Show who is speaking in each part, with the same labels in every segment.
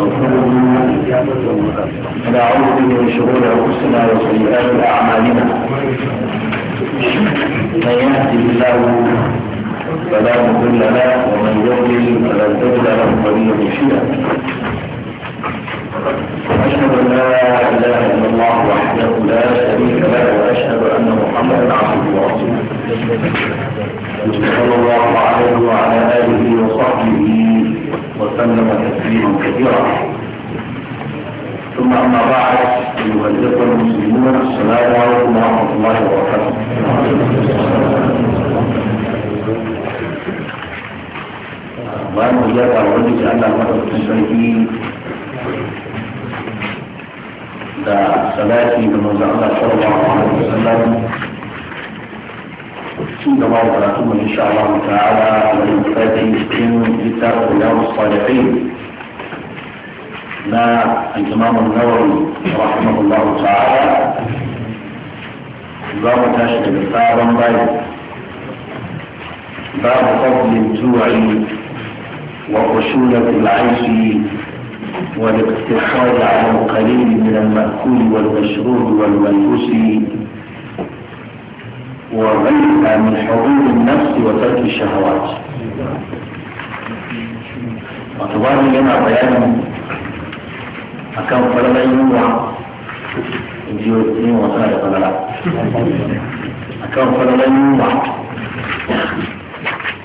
Speaker 1: ونعوذ من شرور انفسنا وسيئات اعمالنا من يهدي الله فلا مضل له ومن يضلل فلا تجد له وليا مرشدا
Speaker 2: أشهد أن لا إله إلا الله وحده لا شريك له وأشهد أن محمدا
Speaker 1: عبده ورسوله صلى الله عليه وعلى آله وصحبه وسلم تسليما كثيرا ثم اما بعد يغلق المسلمون السلام عليكم ورحمه الله وبركاته وأنا وإياك أقول لك أن أحمد المشركين ده صلاتي بمزعلة صلى الله عليه وسلم الله الرحمن الرحيم إن شاء الله تعالى والمفاتي من كتاب رياض الصالحين ما الإمام النووي رحمه الله تعالى باب تشهد بفارا بيت باب فضل الجوع وخشونة العيش والاقتصاد على القليل من المأكول والمشروب والملبوس وغيرها من حضور النفس وترك الشهوات وتبعد لنا بيان أكام فلما ينوع يجيو اثنين وثلاثة فلما أكام فلما ينوع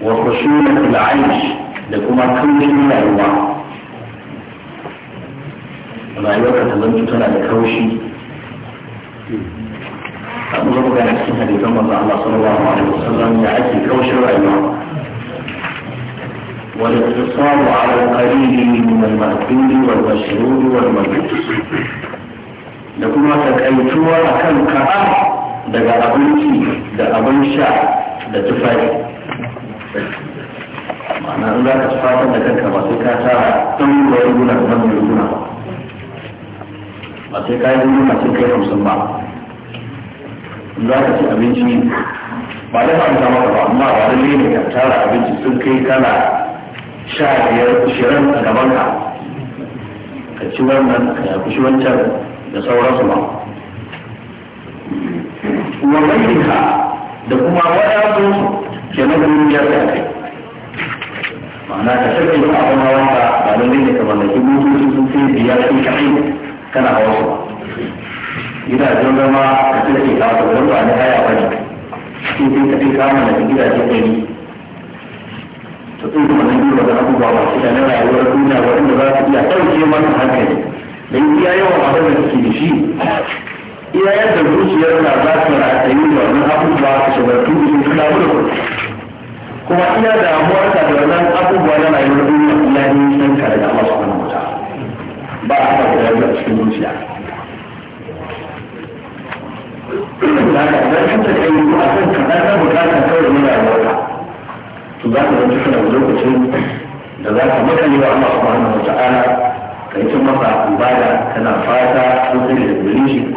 Speaker 1: وخشونة العيش لكما كل لا أنواع ولا يوقع تبنتنا لكوشي zo mu gane cikin hadisan manzo Allah sallallahu alaihi wasallam ya ake kaushin rayuwa والاقتصار على القليل من المأكول والمشروب والمجلس da kuma takaituwa a kan kaɗa daga abinci da abin sha da tufafi
Speaker 2: ma'ana in za ka tufatar da kanka ba sai ka tara ɗan ruwa riguna ɗan
Speaker 1: ba sai ka yi sai hamsin ba za ka ci abinci ba da fahimta maka ba amma ba lalle ne ka tara abinci sun kai kana sha biyar ishirin a gaban ka ka ci wannan ka yafi shi wancan da sauransu ba wa bayyana da kuma wadatu ke na biyar da kai ma'ana ka shakke ba a kuma wanka ba lalle ne ka mallaki mutunci sun kai biyar sun kai kana hawa su ba gidajen zama a cikin kafa don ba ne haya ba ne su sun tafi kama da gidajen gari to sun kuma nan duba da abubuwa ba su da na rayuwar duniya ba inda za su iya ɗauke mana hankali don iya yawan abin da suke da shi iya yadda zuciyar na za su ratayi da wannan abubuwa su shagartu da su kawo da kuma ina damuwar ka da wannan abubuwa na rayuwar duniya ya yi ka da Allah subhanahu wa ta'ala ba a kafa da cikin zuciya da ka da kan ta kai a kan ka da ka bukata kawai ne da wata to za ka zanta kana lokacin da za ka makale wa Allah subhanahu wa ta'ala kai ta masa ibada kana fata ko kai da gurin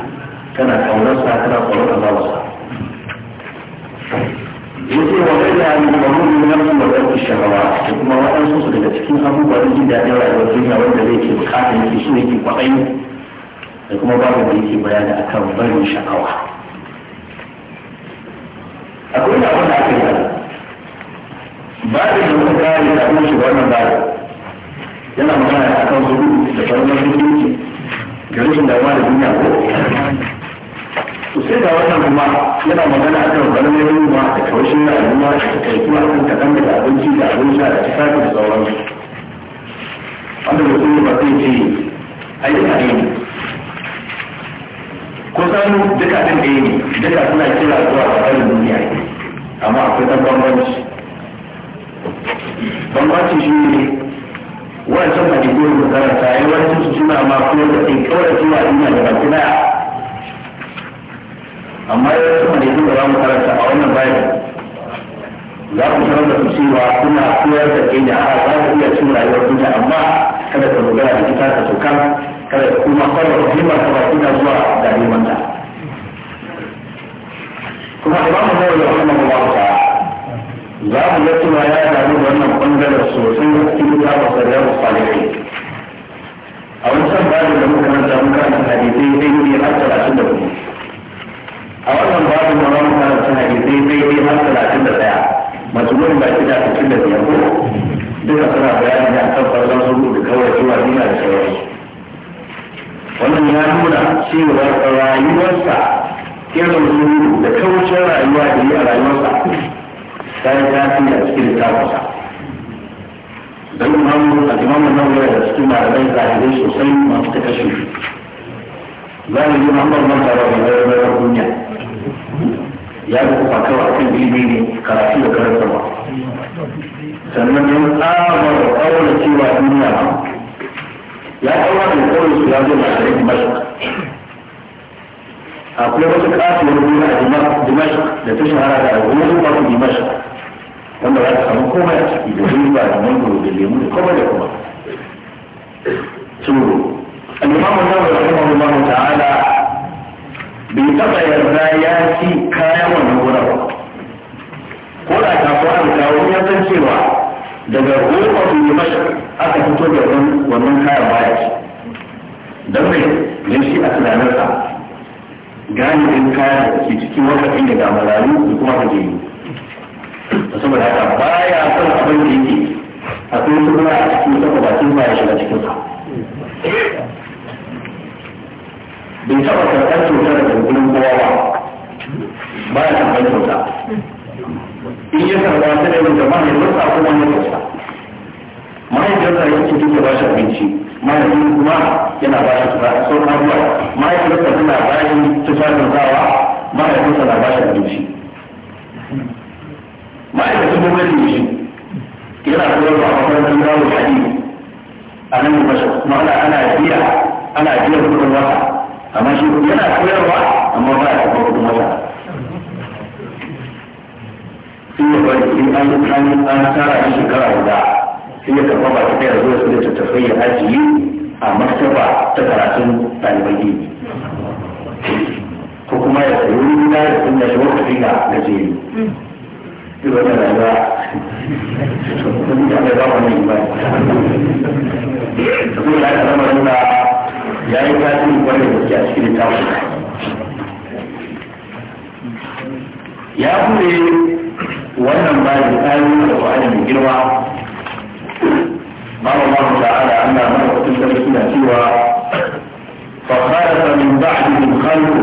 Speaker 1: kana kaunarsa kana tsoron Allah sa
Speaker 2: yake wa kai da ni ba mun nan mun da wata shahawa kuma waɗansu su daga cikin abubuwan jin daɗin rayuwar duniya
Speaker 1: wanda zai ke bukata yake shi ne ke kwaɗayi da kuma babu da yake bayani akan bari sha'awa akwai da abin da aka yi babin da muka kare da kuma shi wannan babin yana magana akan zuru da farmar zuciya da rashin damuwa da duniya ko
Speaker 2: to sai da wannan kuma yana magana akan farmar yunwa da kawashin na al'umma da kuma kan kaɗan da abinci da abin sha da tufafi da sauransu
Speaker 1: wanda mutum ba zai ce ayyukan yi ko sanu duka ɗin da ne duka suna kira zuwa ga kan duniya amma akwai ɗan bambanci bambanci shi ne wancan hadisi da karanta wancan su suna ma kuma da ɗin kawai suna duniya da baki daya amma yawancin hadisi da za mu karanta a wannan bayan za ku sanar da su cewa kuna koyar da ke da za ku iya cin rayuwar duniya amma kada ka dogara da kita ka tokan kuma kawai rahimar ta baki na zuwa da neman da kuma imam nawawi rahimahullahu ta'ala za mu ga cewa ya damu wannan bangaren sosai da cikin kitabu sarrafu salihai
Speaker 2: a wani wancan babin da muka manta muka kan
Speaker 1: hadisai dai ne har talatin da hudu a wannan babin da muka kan hadisai dai ne har talatin da daya masu gudun baki da cikin da biyar ko duka suna bayani da akan farkon sun gudu kawai zuwa nuna da sauransu wannan ya nuna cewa rayuwarsa irin su da kaucin rayuwa da yi a rayuwarsa ta yi tafi a cikin littafinsa don imamu a imamu nan wuri da cikin malamai zahirai sosai masu ta kashe za mu yi mamban manta ba yawon rayuwar duniya
Speaker 2: ya yi kuma kawai akan ilimi ne karatu da ba
Speaker 1: sannan don tsamar da cewa duniya ba ya ɗaura da kawai su ya zo na garin dimashq akwai wasu kasuwar gona a dimashq da ta shahara da gona su masu dimashq wanda za ta samu komai a ciki da riba da mangoro da lemu da komai da komai
Speaker 2: tsoro al-imam an-nawawi rahimahullahu ta'ala
Speaker 1: bai taɓa yarda ya ci kayan wannan gona ba ko da kasuwa da kawo ya san cewa daga ruwa ne mashi aka fito da wannan kayan bayan shi don mai ne shi a tunanarsa galibin kayan da ke cikin wata ne da marayu da kuma da saboda haka baya son abin da yake akwai su kuma a cikin saka bakin ba ya shiga sa bai taɓa karɓar kyauta daga gudun kowa ba ba ya karɓar kyauta
Speaker 2: in ya karba ta da yau da mahaifinsa ko ya kausa mahaifinsa ya ce duka ba shi abinci
Speaker 1: mahaifin kuma yana ba shi tufa sauran abuwa mahaifinsa tana ba shi tufafin zawa mahaifinsa na ba shi abinci ma'aikacin gwamnati ne shi yana koyar da makarantar yawon hadisi a nan da mashi kuma ana ana biya ana biya kudin wata amma shi yana koyarwa amma ba ya karɓar kudin wata sai ya bari an an an tara shi shekara guda sai ya karɓa baki ɗaya zuwa su da tattafai ya ajiye a maktaba ta karatun ɗalibai ilimi ko kuma ya sayi wuri gida rayuwa
Speaker 2: sun da ba ya ya yi da a cikin littafin ya
Speaker 1: kuma wannan bayan ayoyi da Qur'ani mai girma قال الله تعالى أما من أقتل سنة سوى فخالف من بعدهم خلق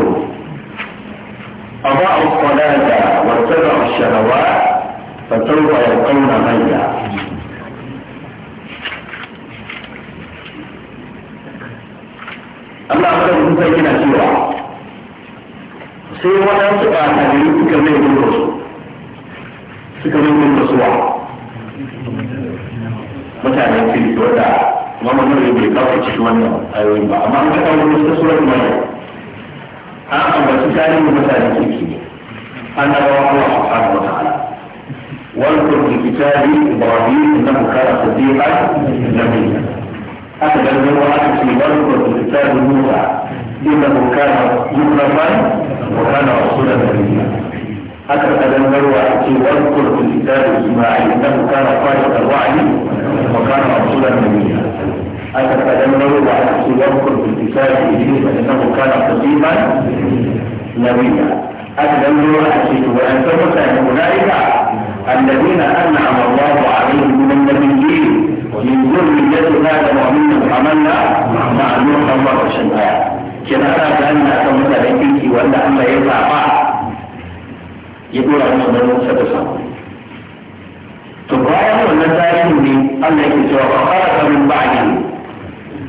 Speaker 2: أضاعوا الصلاة واتبعوا الشهوات فسوف يلقون غيا
Speaker 1: Allah ka rubuta kina cewa sai wadansu ba ta da suka mai gudu suka nuna rasuwa mutanen fili wadda mamman nan bai kafa cikin wannan ayoyin ba amma an kaɗa wani wasu surar mai an ambaci tarihin mutanen kirki ne an dawo Allah subhanahu wa ta'ala واذكر في كتاب ابراهيم انه كان صديقا نبيا اخذ الجمعه في واذكر في كتاب موسى انه كان مكرما وكان رسولا نبيا حتى تذكروا أتي واذكر في الكتاب إسماعيل إنه كان صادق الوعد وكان رسولا نبيا
Speaker 2: حتى تذكروا أتي واذكر في الكتاب إدريس إنه كان قديما
Speaker 1: نبيا أتذكروا أتي وأنت مثلا أولئك الذين أنعم الله عليهم من النبيين من ذرية آدم ومن حملنا مع نوح الله وشمعان كما كان أن أتمنى لكي وأن أما يسعى ya dora musu nauyin sada sako to bayan wannan tarihin ne Allah yake cewa fa khalaqa min ba'di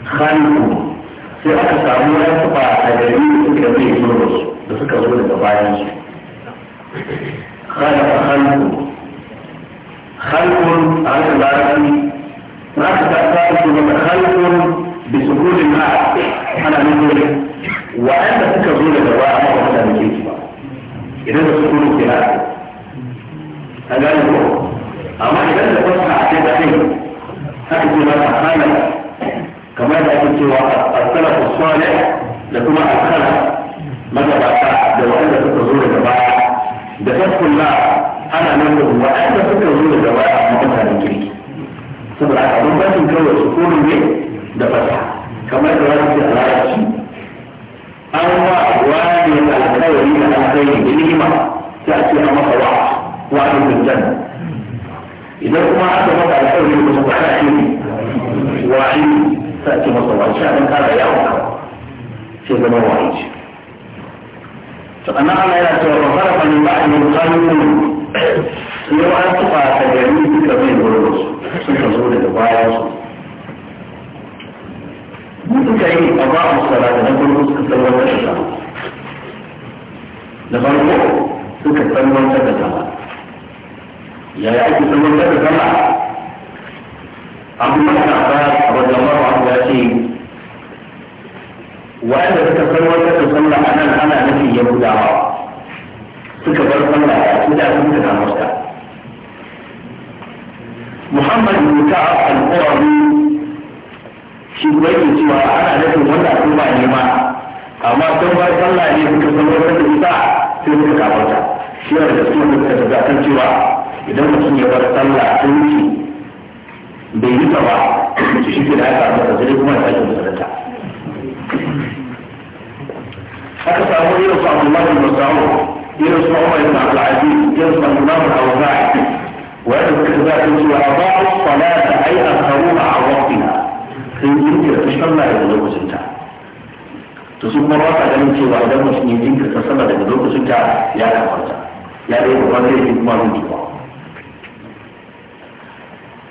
Speaker 1: khalqu sai aka samu wasu ba a gari suka zai zo da su da suka zo daga bayan su
Speaker 2: khalaqa khalqu khalqun
Speaker 1: a haka larabci na ka ta tsari su daga khalqun bi sukunin ma'a ana nufin wa'anda suka zo daga baya ma wata da ke ba idan da suke ke na a gani ko amma idan da fasa a ce da kai haka ce ba ta hana kamar da ake cewa as-salafu salih da kuma a tsara magabata da waɗanda suka zo daga baya da ta kula ana nan da waɗanda suka zo daga baya a mutanen kirki saboda haka bakin kawai sukunin ne da fasa kamar da wani ke alaƙa an wa wani da alkawari da alkawari da ni'ima sai a ce a masa wa wani dindin idan kuma aka masa alkawari da kuma kwana shi ne wani sai a ce masa wa shi a nan kara yawon sai zama wani ce sannan ana yana cewa ba fara fani ba a yin kanun yau an tufa ta gari duka mai wurin su suka zo daga bayan su ممكن تعيد أضاء الصلاة نقول نسك سلوات الشيطان لبرضه سك سلوات الشيطان يا يعيد سلوات الشيطان عبد الله بن عباس رضي الله عنه يأتي وأنا تتسلوات تصلى أنا أنا نفي يهودا سك بر صلى يهودا سك سلوات محمد بن كعب القرظي shi kuma yake cewa ana nufin wanda al'umma ne nema amma don ba sallah ne suka san wata da isa sai suka kafarta shi yana da suka suka tafi akan cewa idan mutum ya bar sallah ta ci bai yi ta ba shi ke da aka masa sai kuma ya sake musulunta
Speaker 2: aka samu irin su Abdullah bin Mas'ud irin su abu bin Abdul Aziz irin su Imam Al-Awza'i
Speaker 1: wanda suka tafi akan cewa ba salata ai akharuha a waqtiha sai yin kirkar sallah daga lokacin ta to su kuma ba ganin cewa idan mutum ya yin kirkar sallah daga lokacin ta ya kamata ya dai kuma zai ya kuma rubutu tuwa.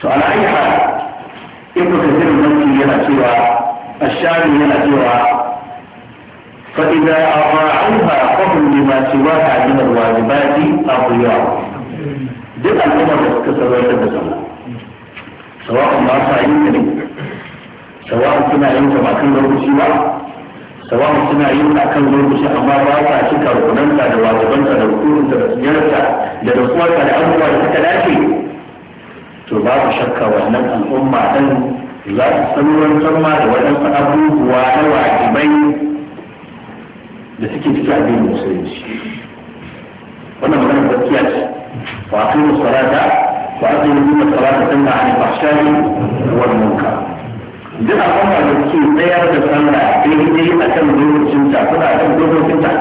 Speaker 1: to ala ayi hal ibnu kathir nan yana cewa ashari yana cewa fa idza afa'uha fahum lima siwaha min alwajibati aqiya duk al'ummar da suka sarrafa da sallah sawa'un ba sa yin
Speaker 2: ne sawa'un suna yin ta ba kan lokaci ba
Speaker 1: sawa'un suna yin ta kan lokaci amma ba ta cika rukunanta da wajibanta da rukunanta da siyarta da rukunanta da abubuwa da suka dace
Speaker 2: to ba ku shakka wannan al'umma ɗin za su sanuwar ma da waɗansu abubuwa na wajibai
Speaker 1: da suke cikin addinin musulunci wannan magana gaskiya ce wa aqimu salata wa aqimu salata tanha anil fahsha'i wal munkar duk al'umma da ke tsayar da sallah daidai a kan lokacin ta kuma a kan lokacin ta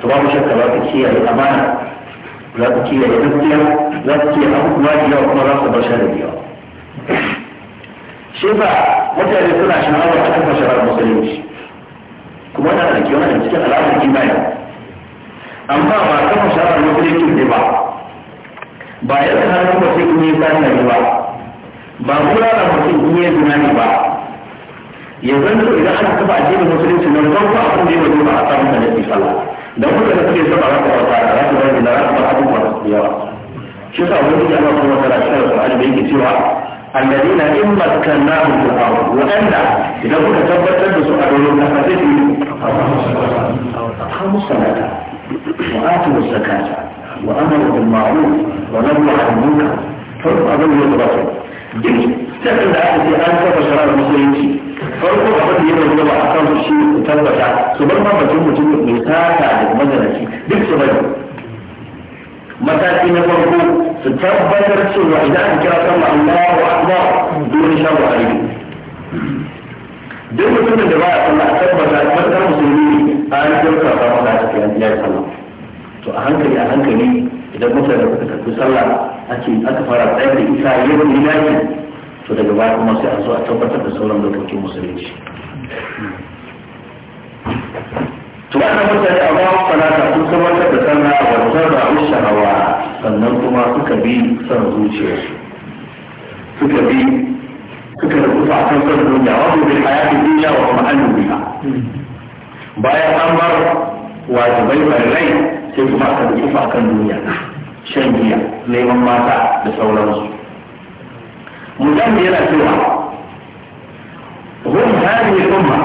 Speaker 1: to mu shakka za ku kiyaye amana za ku kiyaye gaskiya za ku kiyaye abubuwa da yawa kuma za ku bar da yawa shi ba mutane suna sha'awar a kan fasharar musulunci kuma na da kyau da cikin alamar kimiyya amma ba kan fasharar musulunci ne ba ba yadda hannun ba sai kuma yi tsarin ba ba kula da mutum in ya zina ne ba ya zanto idan aka kafa addinin musulunci nan farko abin da ya wajen ba a samu da nake sallah dan kuka da suke saba za ku wata da za ku zai da za ku ba abubuwa da yawa shi sa wani ya ba kuma tara shi da Qur'ani da yake cewa alladina in makkannahum fil ardh wa anna idan kuka tabbatar da su a doron kasa sai su أقاموا الصلاة وآتوا الزكاة وأمروا بالمعروف ونهوا عن المنكر فهم أبوا يتبصروا duk sanin da aka ce an kafa sharar musulunci farko abin da yana zama a kan shi ku tabbata su bar mamacin mutum mai sata da mazanaci duk su bari mataki na farko su tabbatar cewa idan an kira kan Allahu Akbar dole shan wari duk mutumin da ba a sallah tabbata matakar musulmi ne a an kira kan Allahu Akbar ya yi sallah to a hankali a hankali idan da suka tafi sallah ake aka fara tsayar da isa yau ne lafi to daga baya kuma sai a zo a tabbatar da sauran lokacin musulunci to ana mutane a bawa salata sun tabbatar da sallah da abin shahawa sannan kuma suka bi son zuciyarsu suka bi suka kusa a kan son duniya wato a yafi duniya wa an biha bayan an bar wajibai rai sai kuma aka rubuta a kan duniya shan giya neman mata da sauransu mujahid yana cewa hum hadhihi al-umma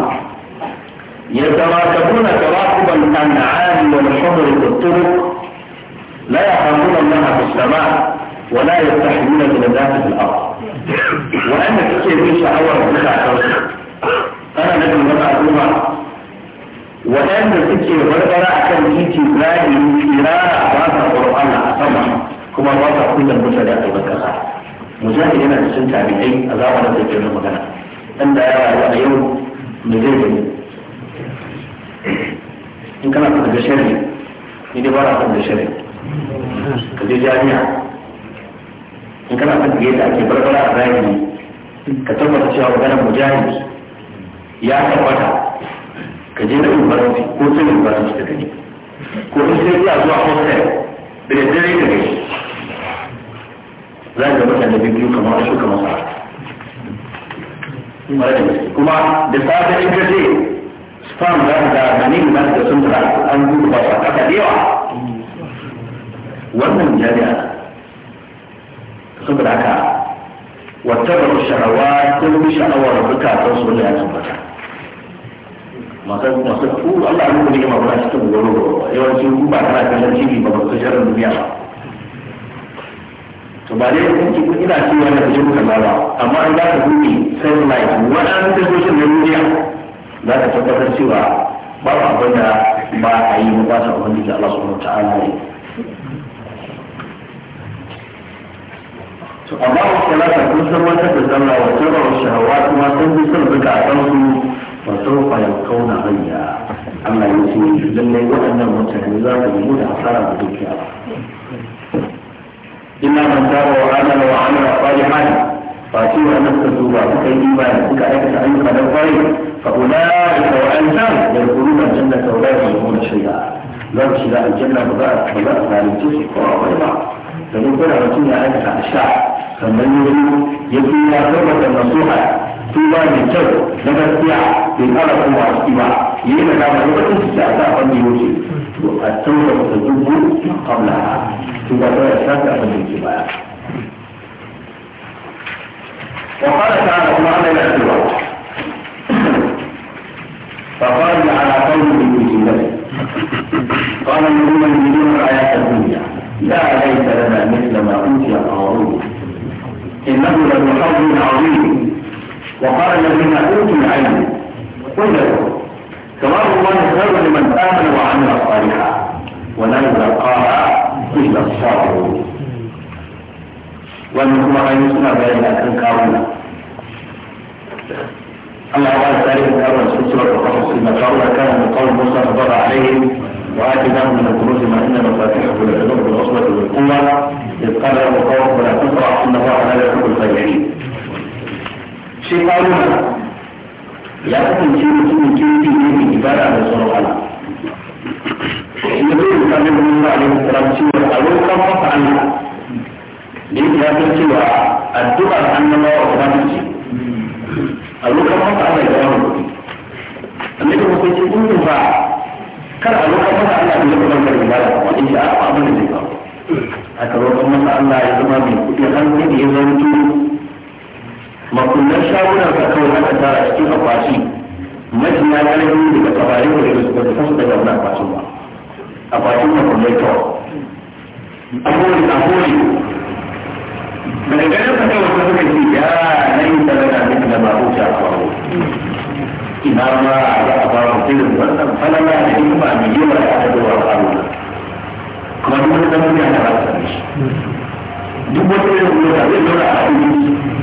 Speaker 2: يتراكبون تراكب الأنعام والحمر في الطرق
Speaker 1: لا يخافون الله في السماء ولا يستحيون من الله في الأرض وأنا كيف يشعر بها أنا نجم نبع الأمة waɗanda suke barbara a kan titi zahiri firara ba sa tsoron a sama kuma ba sa kullum musa da ƙasa albarkasa mujahid yana da cin tabi'ai a zamanin da ke magana dan da ya rayu a yau me zai gani in kana son ga shari ni dai ba na son ga shari ka je jami'a in kana son ga yadda ake barbara a zahiri ka tabbata cewa maganar mujahid ya tabbata ka je na faransi ko sanin faransi ka gani ko in sai ya zuwa hostel da ya dare ka gani za ka mutane biyu kamar su kamar sa kuma da safe in kace spam za ka ga ne ba da sun fara an gudu ba ka da yawa wannan jami'a saboda haka
Speaker 2: wata ba sha'awa ko sharawa sha'awa sha'awar bukatun su da ya tabbata
Speaker 1: masu masu ku Allah ya nuna ma ba cikin goro yawanci ku ba kana kallon TV ba ba su sharar duniya ba to ba dai kun ina cewa da cikin kaza ba amma an za ka dubi satellite waɗannan tashoshin na duniya za ka tabbatar cewa ba abin da ba a yi ba sa wani da Allah subhanahu ta'ala ne to amma wasu talata kun san wata da zalla wa tabar shahawa kuma sun bi son zuka a su. ba su rufa ya kauna hanya Allah ya ce lallai waɗannan mutane za su yi da asara da dukiya ba ina man tara wa ana wa ana wa kwari hali ba ce wa nan ka zuba suka yi ba da suka aikata ayyuka da kwari fa kula da kawai an da guru na da kawai da shiga za su shiga ba za su zalunce su ko ba da kuma kuna mutum ya aikata a sha kamar yi wani ya fi ya zama da masu hali tuba mai kyau na gaskiya bai kara kuma a ciki ba yi da dama lokacin su ta ta wanda ya wuce to a tsaura da dubu kamla to ba ta sa ta abin da ke baya وقال تعالى كما أنا لا سوى فقال على قوم المسلمين قال الذين يريدون الحياة الدنيا لا ليس لنا مثل ما أوتي قارون إنه لذو حظ عظيم وقال الذين أوتوا العلم وجدوا ثواب الله خير لمن آمن وعمل صالحا ولن يلقاها إلا الصابرون ومن ثم يسمى بين الكون أما بعد ذلك من أول سورة القصص فيما شاء كان من قول موسى فضل عليهم وآتيناهم من الدروس ما إن مفاتيحه للعلوم بالعصبة والقوة إذ قال له قوم فلا تفرح إن الله لا يحب الخيرين sai kawo ya kasance mutumin kirki ne mai ibada da tsoron Allah. Inda zai yi kamar yin wa alaihi salam cewa a roƙon masa Allah da yake ya san cewa addu'ar annabawa ba ta ce a roƙon masa Allah ya wani kuɗi. Annabi kuma sai in yi ba kar a roƙon masa Allah da zai kuma ibada wanda shi a abin da zai kawo. Aka roƙon masa Allah ya zama mai kuɗi har da ya zama wannan shagunan ka kawai ta a cikin akwati majiya ƙarfi daga kabari da ba ta kasu daga wannan akwatin ba akwatin na kullai kawai abubuwan abubuwan daga ganin ka ta suka ce ya na yi sadaka duka da babu ta kawo ina ma za a babu irin wannan falala da hikima mai yawa zuwa kuma duk wani zama ya ba ta duk wani a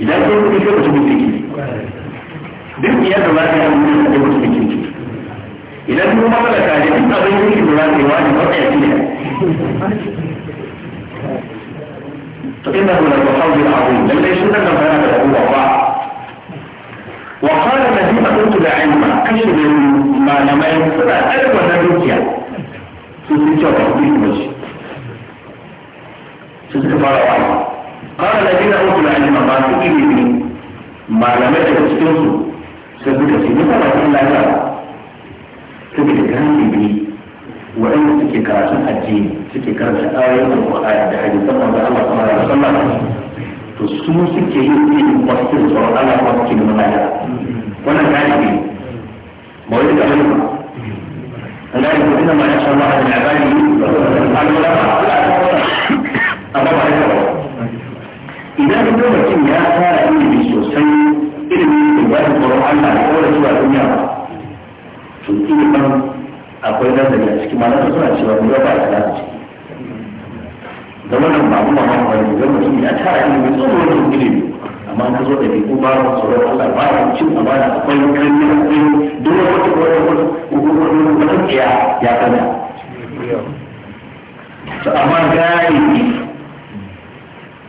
Speaker 1: idan kai kuɗi kai mutumin kirki duk iya da za ka yi wani da mutumin kirki idan kuma mamalaka ne duk abin kirki da za ka yi wani matsayin ne
Speaker 2: فإنه للمحاول العظيم لم يشن أن هذا هو الله وقال الذي أقلت لعلم كشف ما لم ينفر ألف نبيك
Speaker 1: في سجارة في وجه سجارة jira الذين na العلم ما تؤمنوا ما malamai تستنسوا cikin su yi fara kan lafiya saboda galibi waɗanda suke karatun addini suke karanta ayoyin alƙur'ani da hadisan manzon Allah sallallahu alaihi wasallam to su suke yin irin kwastin tsoron Allah kuma suke nuna lafiya wannan galibi ba wani da wani ba an gane ko ina ma ya sha Allah da ya gani alwala ba amma ba haka ba idan kuma ya fara ilimi sosai ilimi da ba da tsoron Allah da zuwa duniya ba to ilimin akwai nazari a cikin malamai suna cewa ruwa ba ta da
Speaker 2: ciki da wannan ba kuma ma wani da mutum ya tara ilimi tsoron ilimi amma ka zo da bi ko ba mu tsoro Allah ba ya cin
Speaker 1: akwai duk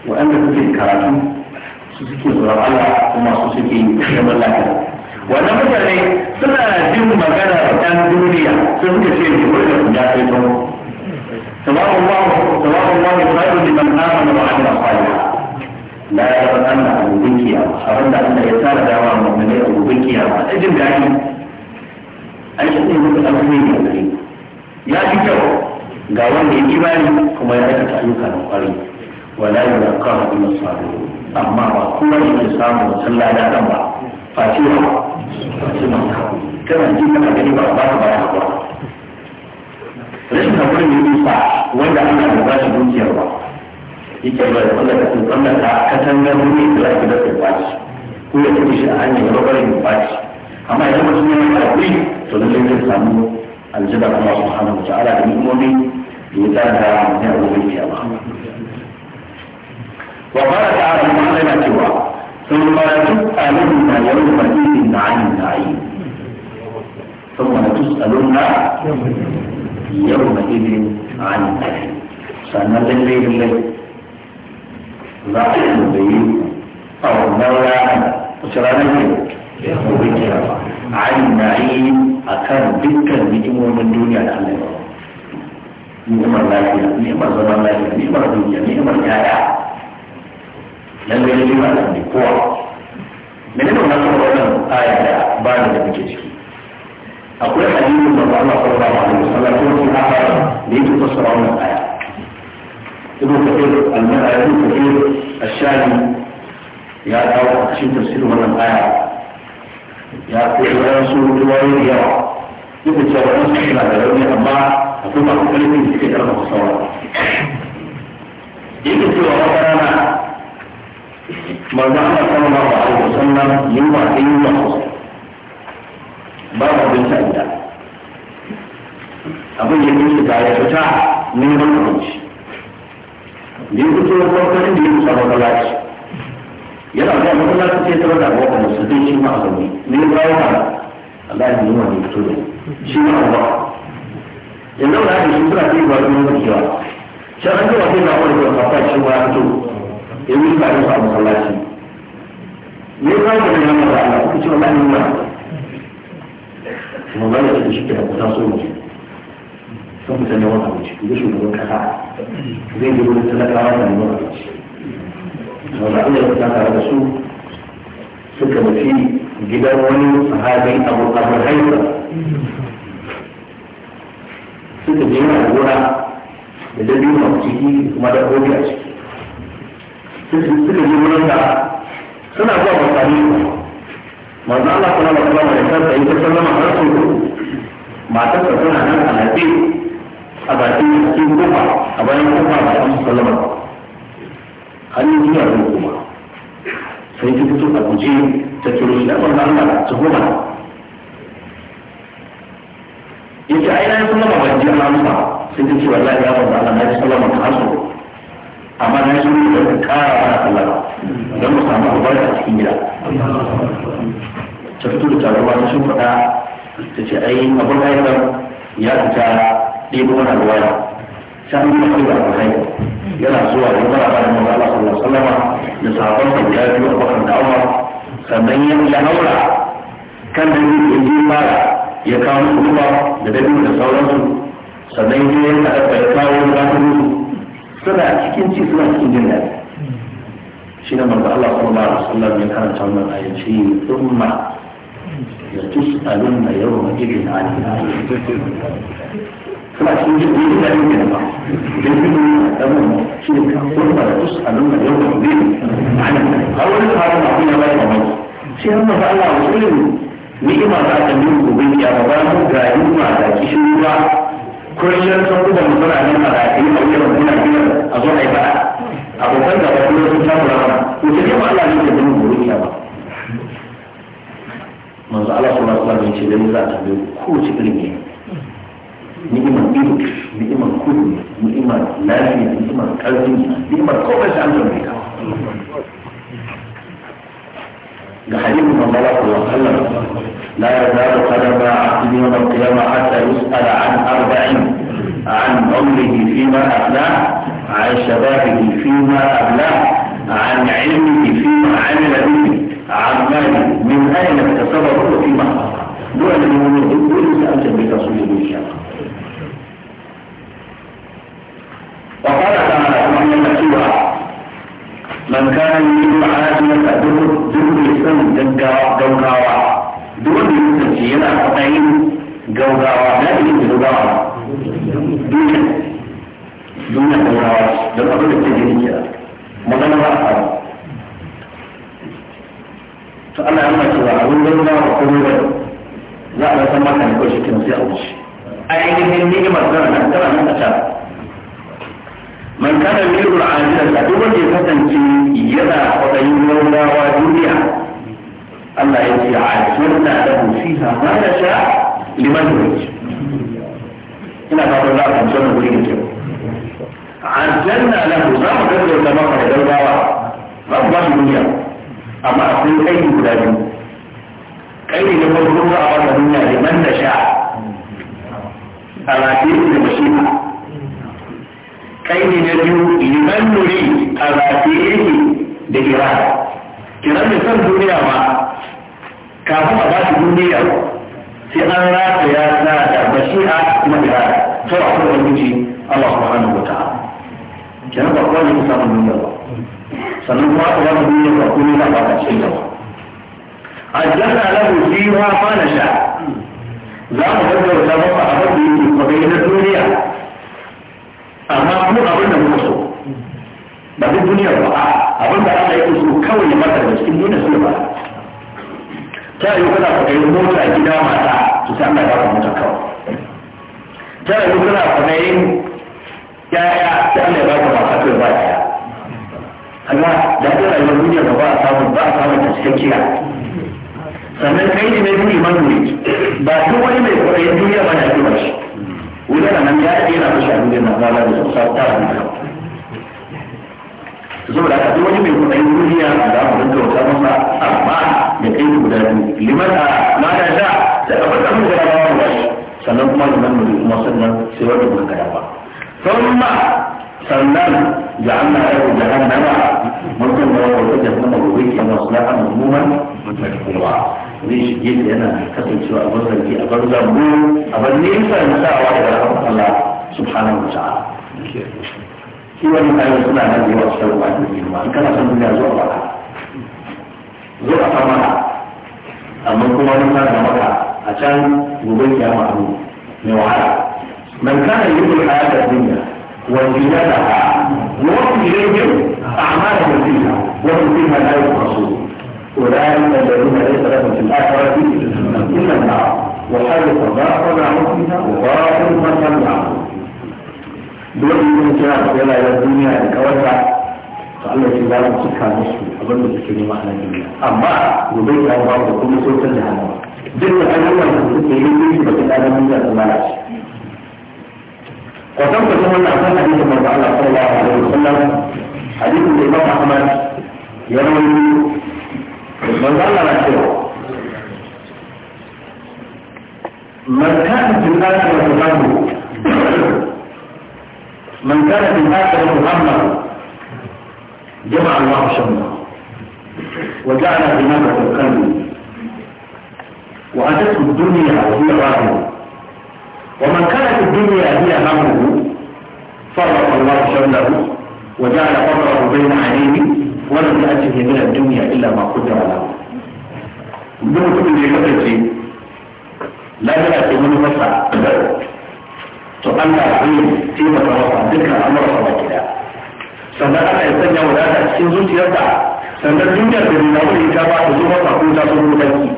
Speaker 1: وأنه في الكرام سوسكي صلى الله عليه وسلم سوسكي كما الله وأنا مثلا سنة دين ما كان كان دنيا سنة شيء يقول لك يا سيدو سواء الله سواء الله خير لمن آمن وعمل صالحا لا يرتم عن بكيا أرد أن يسار دعوة المؤمنين أبو بكيا أجل دعني أجل أن يكون أبوين يا سيدو ga wanda ya ji bani kuma ya aikata ayyuka na ƙwarai ولا يلقاها إلا الصابرون أما وقوة الإسلام وصلى على أمر فاتيها وسمى كما جئت أنا بني بأخبار ما يحضر rashin haƙuri ne nisa wanda ana da ba shi dukiyar ba yake ba da wanda ka wanda ka katangar ne da lafi da kai baci ko ya tafi shi a hanyar rabarin ya baci amma idan mutum yana da haƙuri to lallai zai samu aljada Allah subhanahu wa ta'ala da ni'imomi da ya tsara da ya rubuta ba wa fara da abin ma ana cewa sun fara duk alin na yau da fasikin na ayin da ayi sun fara duk alin na yau da izin na ayin na ayi sannan lallai lallai za a yi da yi a wannan ranar wace ranar ne gobe kiyama ayin na ayi a kan dukkan ni'imomin duniya da Allah ya ni'imar lafiya ni'imar zaman lafiya ni'imar duniya ni'imar yaya dan gani bi ma'ana ne kowa menene wannan wannan aya da bayanin da muke ciki akwai hadisin da Allah sallallahu alaihi wasallam ko shi haka da yake fassara wannan aya ibn kathir al-ma'ani ibn kathir ash-shali ya dawo a cikin tafsirin wannan aya ya kai wasu riwayoyi da yawa duk da cewa wasu suna da rauni amma akwai masu ƙarfi da suke ƙarfafa sauran yake cewa wata rana manzo Allah sallallahu alaihi wasallam yunwa da yunwa ba ba bin sa inda abin da yi da ya fita neman abinci da ya fito ta farkon da ya musa masallaci yana zuwa masallaci sai ta da wa kuma su dai shi ma azumi ne ba ya ba Allah ya yi wani fito shi ma Allah yanzu da ake shi ta ce ba su ta da ta shi an ji wa sai na wani da kafa shi ma ta ya yi ba a masallaci ne ba da nan ba Allah kuka ce wallahi ne ba kuma ba da shi ke da kusa so mu sun fita ne wata wuce ku shi gaban kasa zai yi wurin talakawa da ne wata wuce wanda Allah ya fita da su suka mafi gidan wani sahabi abu abu haifa suka je na gora da dabino ciki kuma dabbobi a ciki suka je wurin da suna zuwa ba sami su manzo Allah sallallahu alaihi wasallam ya kanta ita sallama har su matar ta tana nan a lafi a bakin cikin kofa a bayan kofa ba ta sallama ba hannun zuwa ko kuma sai ta fito a guje ta turo shi da manzo Allah ta goma yace ai na sallama ba ji ba sai ta ce wallahi ya manzo Allah na sallama ya har su amma na shi ne da kara mana sallah don mu samu albarka cikin gida ta fito da taruwa ta shin faɗa ta ce ai abun haifar ya fita ɗebo mana ruwaya sai an yi mafi da abun haifar yana zuwa da bara ba da maza Allah sallallahu alaihi wasallam da sabon da ya biyu a bakar da Umar sannan ya haura kan da yake fara ya kawo kuma da dabi da sauransu sannan ya yi kawo da kawo سبع سكين سبع سكين جنات شنو من قال الله صلى الله عليه وسلم من كان صلى الله عليه وسلم ثم لتسألن يومئذ عن النعيم
Speaker 2: ولكن يجب ان يكون
Speaker 1: هناك من يكون a zo a yi fada abokan da ya kuma sun samu rama to sai dai Allah ne da dubu gobe ba manzo Allah subhanahu wa ta'ala ce dan za ta bi ko ci irin ne ni'imar ido iman kudu iman lafiya iman karfi ni'imar komai sai an tambaye ka
Speaker 2: ga hadisin manzo Allah sallallahu alaihi wasallam لا يزال قدم عبد يوم القيامة حتى يسأل عن أربع عن عمره فيما أفناه عن شبابه فيما أبلاه عن
Speaker 1: علمه فيما عمل به عن ماله من أين اكتسبه وفيما أخطأ من المؤمنين كل سألت بتصوير الله شاء وقال تعالى في سورة من كان يريد عاجلة دور السن دوغاوة دور السن يلا قطعين دوغاوة لا يريد دوغاوة دول duniya ta rawa don abin da ke gani kira magana ba a to Allah ya mace abin da ba ba za a rasa maka ne kawai shi sai a wuce ainihin ni'imar tana nan tana nan a can man kana yuridu al-ajila duk wanda ya kasance yana kwadayin laurawa duniya Allah ya ce ajirna lahu fiha ma yasha liman ina fatan za a fahimci wannan gurin da kyau aljanna la ko za mu kasar da maka da dalbawa ba ba shi duniya amma akwai kai guda biyu kai ne kuma kuma a wannan duniya ne man da sha alaƙi da mashina kai ne na biyu liman nuri a zafi da kira kira da san duniya ma kafin a bashi duniya sai an rataya na da mashi'a kuma kira to a kuma wani ji Allah subhanahu wa ta'ala kina ba kuma ne kusa mun ba sannan kuma aka ba mun ba ko ne ba ka cikin gaba ajjana lahu fiha ma nasha za mu gaggauta masa abin da yake kwagai na duniya amma mu abin da muka so ba duk duniyar ba a abin da Allah yake so kawai ya mata da cikin nuna su ba ta yi kana kwagai mota gida mata ki san da ba mota kawai ta yi kana kwagai yaya sai Allah ya baka mata ta ba ya amma da ta rayuwar duniya ba a samu ba a samu ta cikakkiya
Speaker 2: sannan kai ne mai duniya man ne ba duk wani mai kwaɗayin duniya ba na kiwon shi da nan ya ɗaya na shi a duniya na kwala da sassa ta rana
Speaker 1: saboda haka duk wani mai kwaɗayin duniya a za mu rinka wata masa amma da kai guda biyu liman a ma da da da kafa samun garabawa ba shi sannan kuma liman mu kuma sannan sai wanda muka garabawa ثم sannan da Allah ya rubuta annaba mutum da wanda ya kuma gobe ke maslaha mummuna mutakawa zai shige da yana kasancewa a barzanki a barzanmu a bar nesa da sawa da rahama Allah subhanahu wa ta'ala shi wani kayan suna nan da yawa su tarwa da girma in kana son duniya zuwa baka zuwa samara amma kuma wani kana maka a can gobe kiyama abu mai wahala من كان يريد الحياة الدنيا وزينتها يوفي اليهم اعماله فيها وهم فيها لا يخلصون اولئك الذين ليس لهم في الاخره الا النار وحرص ما صنعوا فيها وباطل ما لم يعملوا بغض النظر عن الى الدنيا الكوكب فالله سبحانه وتعالى مسلم اظن تكلم عن الدنيا اما يبيت الله بكل صوت جهنم دل على ان الله يبيت بكل ادم من وكم تكون عن حديث من قال صلى الله عليه وسلم حديث الإمام أحمد يروي من قال لا من كان في الآخرة همه من كان في الآخرة همه جمع الله شمه وجعل إمامة القلب وأتته الدنيا وهي راهبة ومن كانت الدنيا هي همه فرق الله شمله وجعل فرقه بين عينيه ولم يأته من الدنيا إلا ما قدر له من كل شيء لا يأتي من مسعى تقلع عين في مطرقة ذكر أمر صلاتها سنبقى يتنجى ولا تأسين زوت يدع سنبقى الدنيا بالنور إجابة حزوبة تقول تصور لكي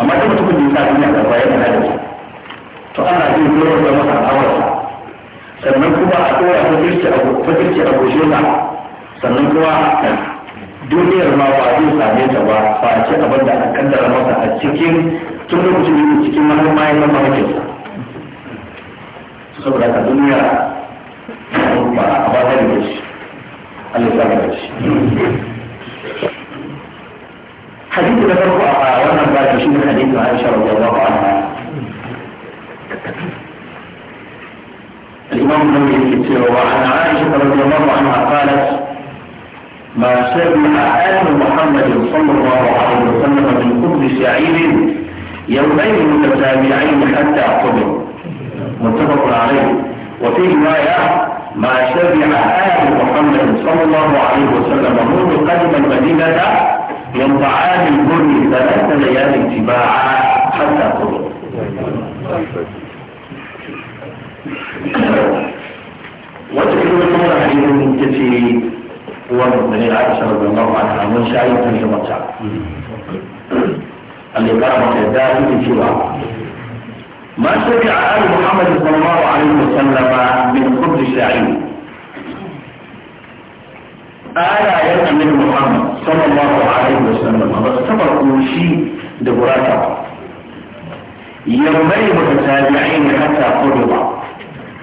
Speaker 1: أما تبتكم جيسا في لا يدع to ana jin zuwa da masa hawarsa sannan kuma a tsora fakirci a goshe ta sannan kuma duniyar ma ba zai same ta ba ba ce abin da aka kaddara masa a cikin tun lokacin da cikin mahar mayan nan mahaifinsa saboda ka duniya ba a ba da shi Allah ya da shi hadisi na farko a wannan bashi shi ne hadisin Aisha radiyallahu anha
Speaker 2: الإمام النووي كثير وعن عائشة رضي الله عنها قالت
Speaker 1: ما سمع آل محمد صلى الله عليه وسلم من كل شعير يومين متتابعين حتى قبل متفق عليه وفي رواية ما شبع آل محمد صلى الله عليه وسلم منذ قدم المدينة ينفعان البر ثلاث ليال اتباعا حتى قبل wata kuma kuma hadisin ita ce uwar mutane a isa radiyallahu anha mun shayi ta shi mata Allah ya kara mata da ita cewa ما شرع آل محمد صلى الله عليه وسلم من خبز الشعير آلا يا من محمد صلى الله عليه وسلم ما استمر شيء دبراته yambai ba ta tabi'ai ne hatta kudu ba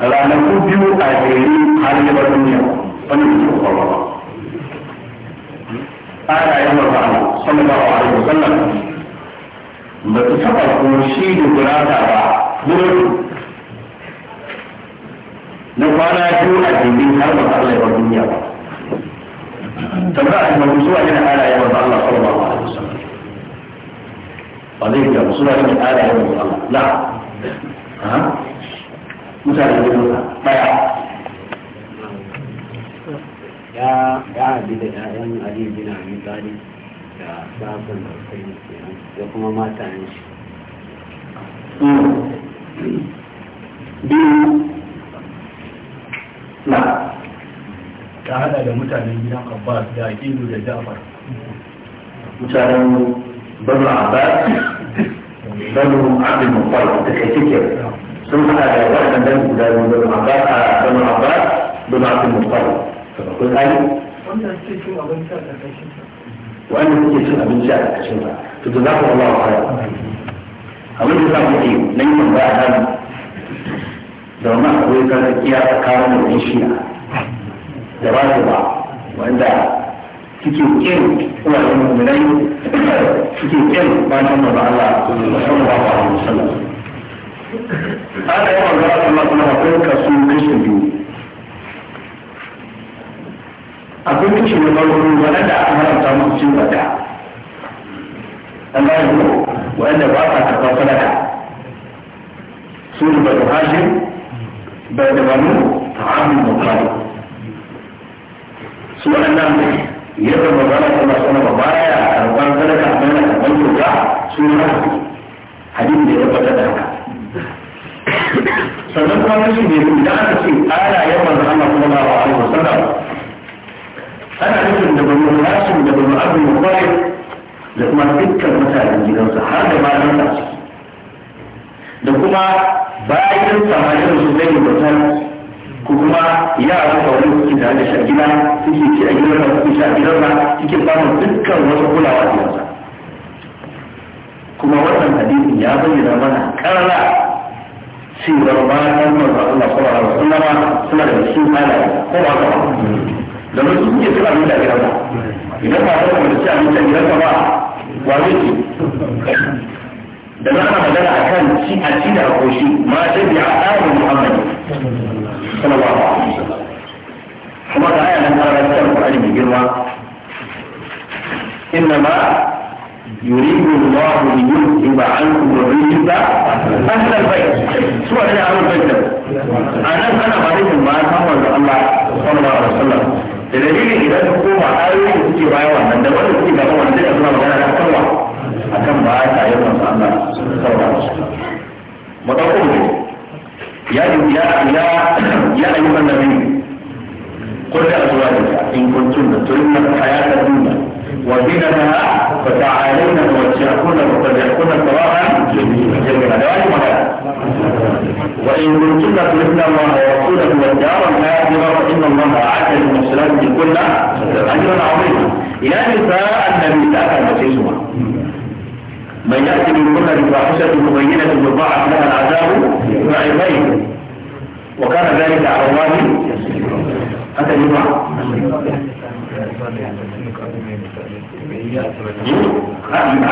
Speaker 1: ranaku biyu a jere har yi ba duniya wani da ke ba ana yi wa ta'ala sallallahu alaihi wa sallam ba ta taɓa koshi da gurata ba gurin
Speaker 2: na kwana biyu a jere har ba ta Allah ba duniya ba
Speaker 1: tabbata a cikin zuwa yana ana yi wa ta'ala sallallahu ba wa sallam ba zai biya suna yin tsara yin Allah la
Speaker 2: mutane da yau daya
Speaker 1: ya ya abi da ƴaƴan Ali bin Abi Talib da sabon da kai kenan da kuma matayen shi hmm. biyu na ta hada da mutanen gidan Abbas da Aqilu da Ja'far mutanen بنو عباس بنو عبد المطلب تكتكر ثم هذا واحد من بنو عباس آه، بنو عباس بنو عبد المطلب فقل أي
Speaker 2: وأنا كنت أشوف أبن شاء تجزاك الله خير
Speaker 1: أقول جزاكم خير نيم يكون هذا لو ما أقول لك يا كارم الشيعة جواب بعض وعندها suke kin uwayen mulai suke kin matan da Allah sallallahu alaihi wasallam ana yawan ga Allah kuma akwai kaso kashi biyu akwai kashi na farko wanda da aka haramta musu cin zakka Allah ya wanda ba sa karɓar sadaka su ne bai hashe, bai da wani ta'amin mutane su waɗannan ne yadda magana kuma sana ba baya karban sadaka a mana karban kyauta su na hadin da ya fata da haka sannan kuma rashin ne da aka ce ala ya manzo Allah sallallahu alaihi wasallam ana nufin da banu hasim da banu abu mubarak da kuma dukkan mutanen gidansa har da bayan da kuma bayan samarin su zai yi mutane. ko kuma yara da wani suke da shan gida suke ci a gidan da suke sha gidan da suke samun dukkan wasu kulawa da yansa kuma wannan hadisin ya bayyana mana karara cewar matan manzo Allah sallallahu alaihi wasallam suna da su halaye ko ba ka da mun su ke tsara da gidan da idan ba ta da ci a gidan da ba wa ne
Speaker 2: da za a magana a kan ci a ci da koshi, ma ta biya tsarin muhammadu sallallahu alaihi
Speaker 1: wasallam kuma da aya nan fara cikin Qur'ani mai girma inna ma yuridu Allahu li yuzhiba ankum ar ba ahla al-bayt suwa ina aure bayt anan kana ba da ba kan wanda Allah sallallahu alaihi wasallam da dalilin idan ka koma ayoyi da suke bayan wannan da wanda suke gaba wanda da suna magana da kanwa akan ba ta yi wannan Allah sallallahu alaihi wasallam mu dauko mu يا يا يا يا أيها النبي قل لأزواجك إن كنتن تريدن الحياة الدنيا وزينتها فتعالين نوجهكن وتبعكن صراحا جميلة وإن كنتن تريدن الله ورسوله والدار الآخرة فإن الله أعد للمسلمين كل أجرا عظيما يا نساء النبي تأتى المسيح من يأتي منكن بفاحشة مبينة يضاعف لها العذاب ضعفين وكان ذلك على الله هذا يضاعف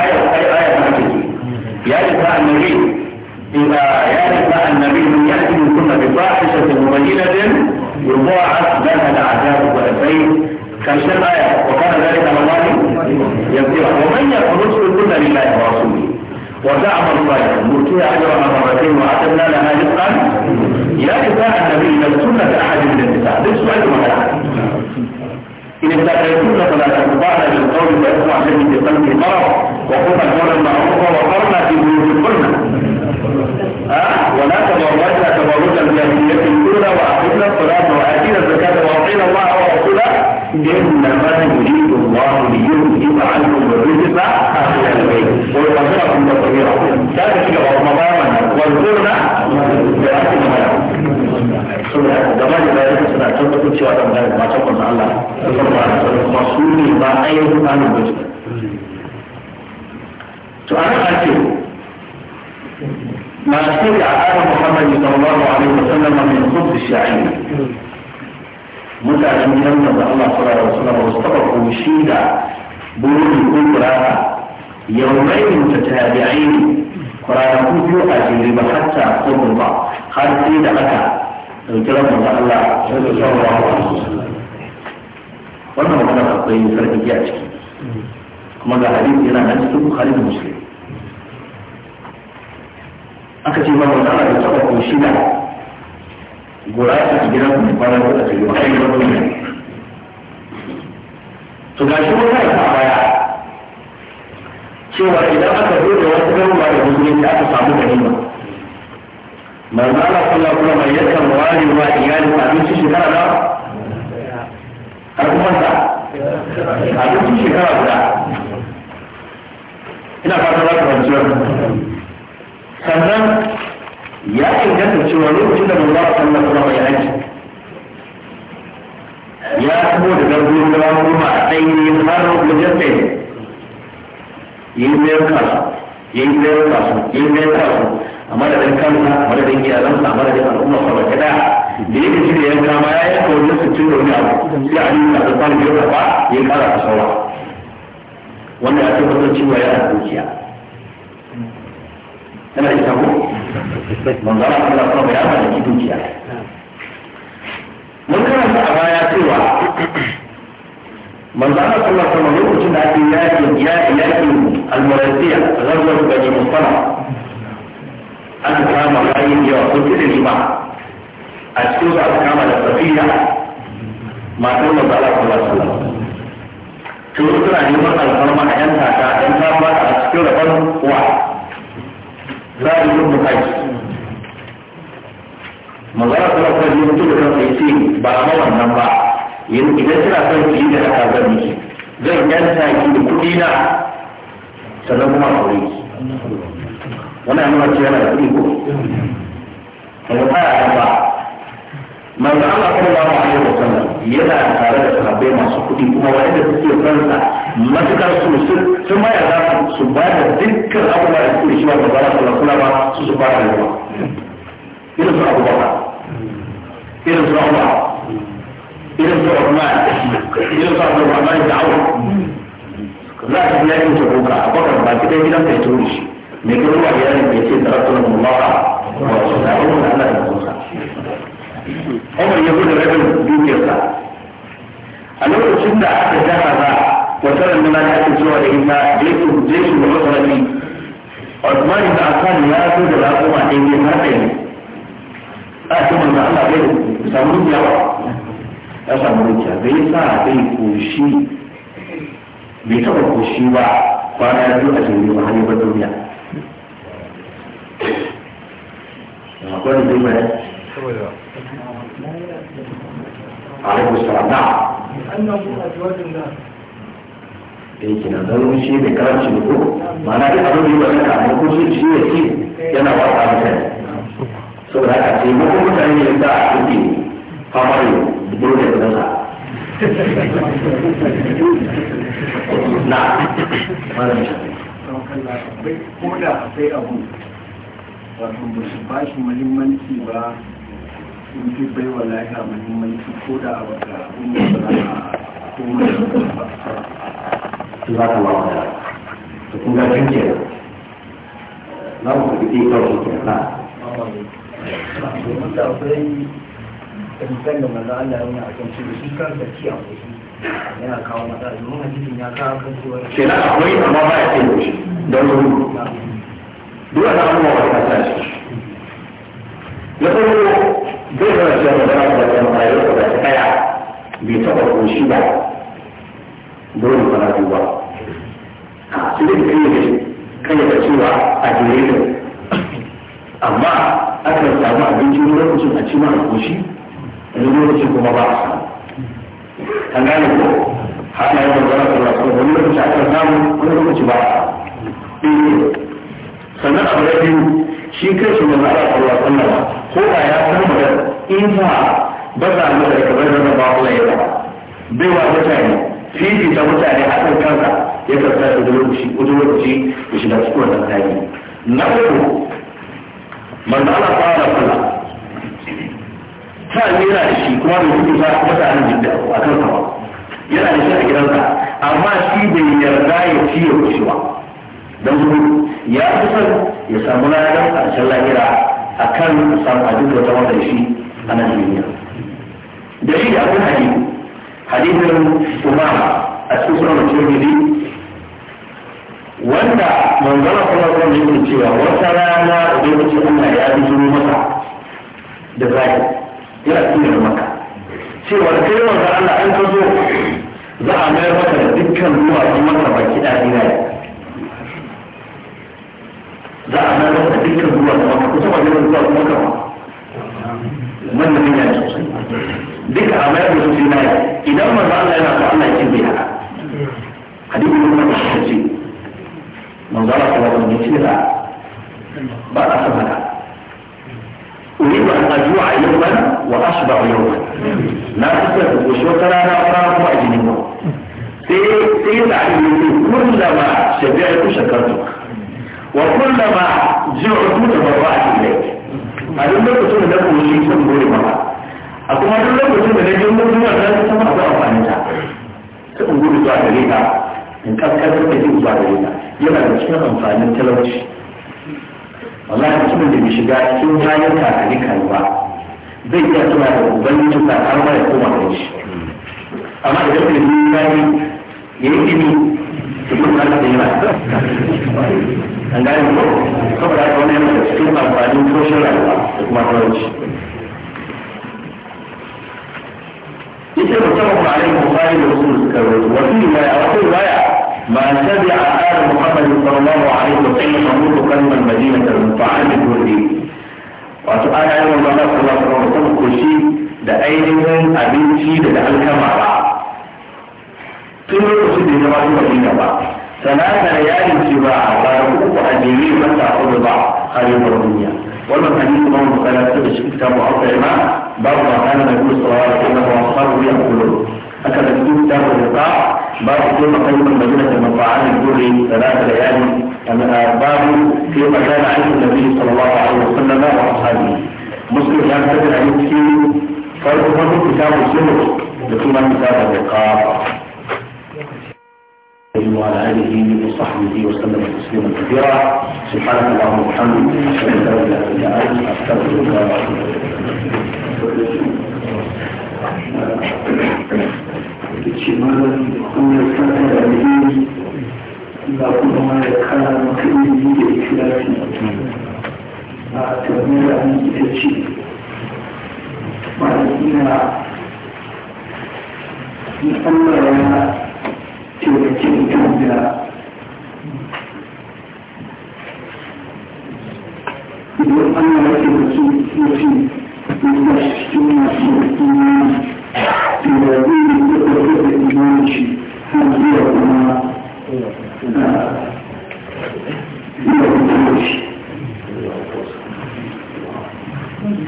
Speaker 1: آية آية آية يا نساء النبي إذا يا نساء النبي من يأتي منكن بفاحشة مبينة يضاعف لها العذاب ضعفين خمسين آية وكان ذلك على الله يسيرا ومن يقنط كل لله ورسوله وزعم الله نؤتيها أجرها مرتين وأعتدنا لها رزقا يا نساء النبي سنة أحد من النساء ليس سؤال مكان
Speaker 2: إن ابتغيتن فلا تخضعن للقول فيطمع الذي في قلبه مرض وقلنا قولا معروفا وقرنا في بيوتكن أه؟ ولا تبرجن تبرجا الجاهلية الأولى وأقمنا الصلاة وآتينا الزكاة وأطعنا الله إنما يريد الله ليذهب عنكم الرزق أهل البيت ويغفركم تطهيرا ذلك رمضان والقرن Gaba da bayan suna tabbatar cewa da bayan matan kwanza Allah da kuma kuma su ne ba ayyukan hannun da
Speaker 1: To an ake ما سمع آل محمد صلى الله عليه وسلم من خبز الشعير mutanen nan da Allah sallallahu alaihi wasallam wasu taba kunshi da buri ko kurara yawmain tatabi'ain kurara ku biyu a jere ba hatta kubur ba har sai da aka dauki rabon da Allah sallallahu alaihi wasallam wannan magana akwai sarki a ciki kuma ga hadisi yana nan cikin Bukhari da Muslim aka ce ba wanda da taba kunshi da gora su gidan ku kwana ko a cikin wani gaba to ga shi wata ta baya cewa idan aka zo da wasu garuwa da musulunci aka samu ganima manzala kula kula mai yadda ware wa iyali abinci shekara da
Speaker 2: har kuma ta abinci shekara guda
Speaker 1: ina fata za ka wanci sannan ya inganta cewa lokacin da manzo sallallahu alaihi wasallam ya haji ya kuma da garbu da kuma a tsaye har wajen tsaye yayi mayar kasu yayi mayar kasu yayi mayar kasu a madadin kansa a madadin iyalansa a madadin al'umma sa baki da da yake shi da yanka ma ya yanka wani sittin wani abu sai a yi na tsakanin yau da ba ya kara a saura wanda ya tabbatar ya yana dukiya tana ita ko manzara Allah kuma ya ba da dukiya
Speaker 2: mun karanta a baya cewa
Speaker 1: manzara Allah kuma lokacin da ake yakin yakin almurasiya zarwar bani musala an kama bayin yawa da tilin ba a cikin su aka kama da safiya matar manzara Allah sallallahu
Speaker 2: alaihi
Speaker 1: to suna neman alfarma a yan taka dan ta ba a cikin rabon wa sa'id ibn qais magana kuma kan yi mutu da kansa yace ba ma wannan ba idan kina son ki yi da haka zan miki zan yanta ki da kudi na sannan kuma aure ki wannan nuna cewa yana da kudi ko ba ya ba manzo Allah sallallahu alaihi wasallam yana tare da sahabbai masu kuɗi kuma wanda suke kansa matukar su sun ma yarda su ba da dukkan abubuwa da suke shi wanda ba su kula ba su su ba da ruwa irin su abubakar irin su Umar irin su Uthman irin su Abdurrahman da Awf za ka ji yakin ta kuka abubakar ba ki gidan ka tori shi mai kuma ya ne mai ce tsaratunan Allah wa sallallahu alaihi wasallam Umar ya gudu rabin dukiyarsa a lokacin da aka jaha ba wata nuna ya ake cewa da ina jesu jesu da masarafi Osman ibn Affan ya zo da raƙuma ɗin ne har ɗaya a ce mun Allah bai samu dukiya ba ya samu dukiya bai sa bai koshi bai taɓa koshi ba kwana biyu a jirgin ba har yi ba duniya
Speaker 2: akwai da zai bayan
Speaker 1: alaikum salam na annabu na da eh, shi ne karanci ne ko ma'ana da abin da ba ka ko shi shi ya ci yana wata mutane saboda haka sai mu mutane ne da a kuɗi famar dole da nasa na malam ko da abu wato ba shi muhimmanci ba in bai wa muhimmanci ko da a wata kuma ba a da da da da a kan yana kawo matsala domin hadisin ya kawo kan cewa ke na akwai amma ba ya don su duk shi na farko zai zama cewa magana da wata makarar da ta kaya bai taɓa ƙoshi ba dole fara duba a su da kai ne kai cewa a jere ne amma aka samu abinci wani lokacin a ci ma a ƙoshi wani lokacin kuma ba a samu an gane ko haka yi magana da wasu wani lokaci akan samu wani lokaci ba a samu eh, sannan abu da biyu shi kai shi magana da wasu ko da ya san da in ba ba za mu da kamar da ba ku yayi ba bai wa mutane fifi da mutane a kan kansa ya tsaya da lokaci ko lokaci ya shiga cikin wannan hali na uku manzo Allah fara kula ta yana da shi kuma bai fito ba mutanen jidda a kan sa yana da shi a gidansa amma shi bai yarda ya ci ya kushi ba don ya fi son ya samu ladan a cikin lahira a kan sabajin da wata wata shi a nan duniya da shi da abin hadisi hadisin umara a cikin sunan tirmidhi wanda manzana kuma kuma yake cewa wata rana ubangiji Allah ya bijiro masa da zai ya tsira maka cewa kai wanda Allah an ka zo za a mayar maka da dukkan ruwa kuma ka baki da dinari
Speaker 2: za a nan da dukkan zuwa da maka kusa ba yawan zuwa kuma kama
Speaker 1: wannan ya yi sosai duka a mayar da su na yi idan manzo Allah yana so Allah ya ce bai haka hadisi ne kuma da shi ce manzo Allah sallallahu alaihi wasallam ba a san haka
Speaker 2: أريد أن أجوع يوما وأشبع يوما لا تسلم وشوكرا لا أراه وأجنبه
Speaker 1: سيد علي كلما شبعت شكرتك wa kullama ji'tu da barra'ati ilayk a duk lokacin da na koyi sun gode maka a kuma duk lokacin da na je mutuwa ta san abu amfani ta gudu zuwa gare ka in kaskar da jin zuwa gare ka yana da cikin amfanin talauci wallahi mutumin da bai shiga cikin halin kakari ba? zai iya tuna da ubangiji ta har ma ya koma shi amma ya cikin wani da an gane ko saboda haka wani yana da cikin amfanin toshin rayuwa da kuma talauci
Speaker 2: ita da kuma ba alaihi da musulun suka rubuta wasu riwaya wata riwaya ما تبع آل محمد صلى الله عليه وسلم يموت قلب المدينة المطعم الكردي
Speaker 1: وسؤال عن الله صلى الله عليه وسلم kuma شيء da ainihin abinci da alkama ba sai lokacin da ya zama zuwa dina ba ثلاثة ليال سباعة فيقوم أجيبين من تأخذ بعض خليل الدنيا ومن حديث من مخالفة الشكتة معطمة برضا كان النبي صلى الله عليه وسلم وأصحابه يأكلون أكل الدين كتاب الرقاع باب كل قيم المدينة المطاعم الدوري ثلاث ليالي باب فيما كان عنه النبي صلى الله عليه وسلم وأصحابه مسلم كان كتب الحديث في فرق فرق كتاب السنة لكل كتاب الرقاع وعلى آله وصحبه وسلم تسليما كثيرا سبحانك اللهم وبحمدك أشهد أن لا إله إلا أنت أستغفرك وأتوب إليك. ちょうどちょう Thank you.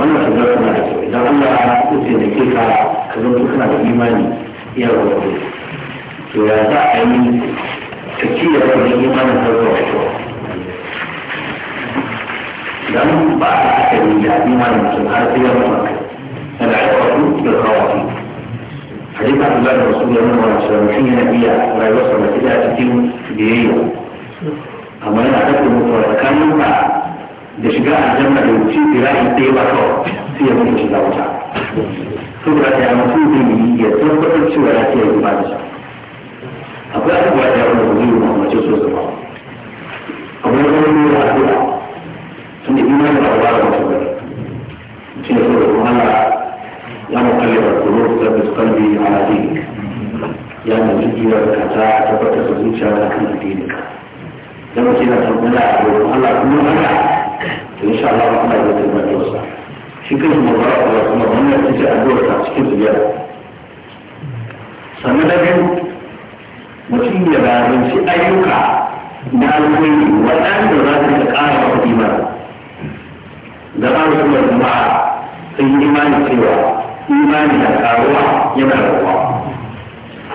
Speaker 1: wannan su zaka da su idan Allah ya kuce da ke ka ka zo kana da imani iya rawaye to ya za a yi ka ci da wannan imanin ka zo wato dan ba a aka yi da imanin mutum har sai ya mutu al'aikatu da kawai hadith Abdullah da Rasulullah sallallahu alaihi wasallam shi ne biya rayuwar sa da cikin biyayya amma yana da mutuwa tsakanin ba da shiga aljanna da wuce firayi ɗaya ba kawai sai ya mutu shiga wuta saboda ta yi mutu zai yi ya tabbatar cewa ya ce yi ba da shi akwai abubuwa da yawa da zai yi mamace so su ba akwai wani ne da addu'a tun da ina da abuwa da mutu bane mutum ya saboda kuma Allah ya mukallaba kuma ta fuskanci ala dini ya mai jijiyar ka ta tabbatar da zuciya da kan addininka dan mutum yana tambaya a wurin Allah kuma Allah to insha Allah Allah ya zama da wasa shi kan kuma ba Allah kuma wannan ita a dole ta cikin zuriya sannan da biyu mutum ya bayanci ayyuka na alkhairi waɗanda za su ga ƙara masa imani da ba su kuma jama'a sun yi imani cewa imani na ƙaruwa yana rabuwa